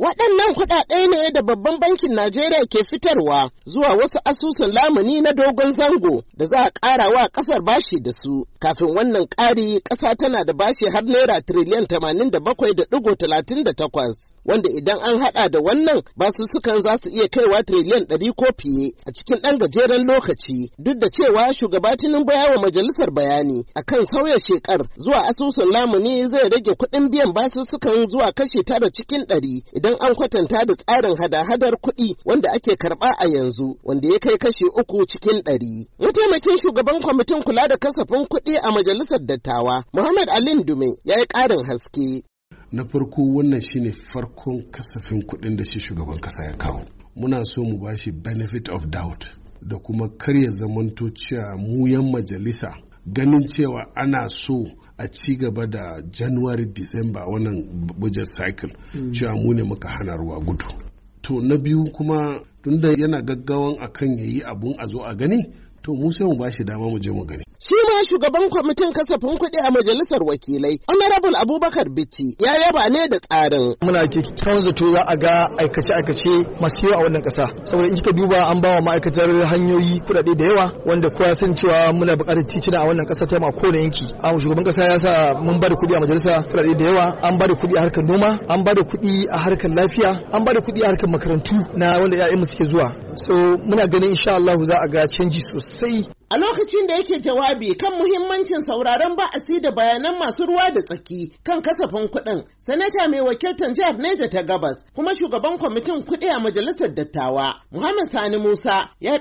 Waɗannan kuɗaɗe ne da babban bankin Najeriya ke fitarwa zuwa wasu asusun lamuni na dogon zango da za a ƙara wa ƙasar bashi da su. Kafin wannan ƙari, ƙasa tana da bashi har naira tiriliyan 87.38. wanda idan an hada da wannan basussukan za su iya kaiwa tiriliyan ɗari ko fiye a cikin ɗan gajeren lokaci duk da cewa shugaba Tinubu wa majalisar bayani akan sauya shekar zuwa asusun lamuni zai rage kuɗin biyan sukan zuwa kashe tara cikin ɗari idan an kwatanta da tsarin hada-hadar kuɗi wanda ake karɓa a yanzu wanda ya kai kashe uku cikin ɗari. Mataimakin shugaban kwamitin kula da kasafin kuɗi a majalisar dattawa Muhammad Alin Dume ya yi ƙarin haske. na farko wannan shine farkon kasafin kuɗin da shi shugaban kasa ya kawo muna so mu bashi benefit of doubt da kuma karya zamanto cewa mu yan majalisa ganin cewa ana so a ci gaba da january december wannan budget cycle mm. cewa mu ne muka hana ruwa gudu to na biyu kuma tunda yana gaggawan akan yayi abun a zo a gani to mu sai mu bashi dama mu je mu gani Shi ma shugaban kwamitin kasafin kuɗi a majalisar wakilai, Honorable Abubakar Bichi ya yaba ne da tsarin. Muna kyakkyawan zato za a ga aikace-aikace masu yawa a wannan ƙasa. Saboda in kika duba an ba wa ma'aikatar hanyoyi kuɗaɗe da yawa wanda kowa san cewa muna buƙatar titina a wannan ƙasa ta ma kowane yanki. A shugaban ƙasa ya sa mun ba da kuɗi a majalisa kuɗaɗe da yawa, an ba da kuɗi a harkar noma, an ba da kuɗi a harkar lafiya, an ba da kuɗi a harkar makarantu na wanda 'ya'yanmu suke zuwa. So muna ganin insha Allah za a ga canji sosai. A lokacin da yake jawabi kan muhimmancin sauraron ba'asi da bayanan masu ruwa da tsaki kan kasafin kuɗin, sanata mai wakiltar jihar Neja ta gabas kuma shugaban kwamitin kuɗi a majalisar dattawa, Muhammad Sani Musa ya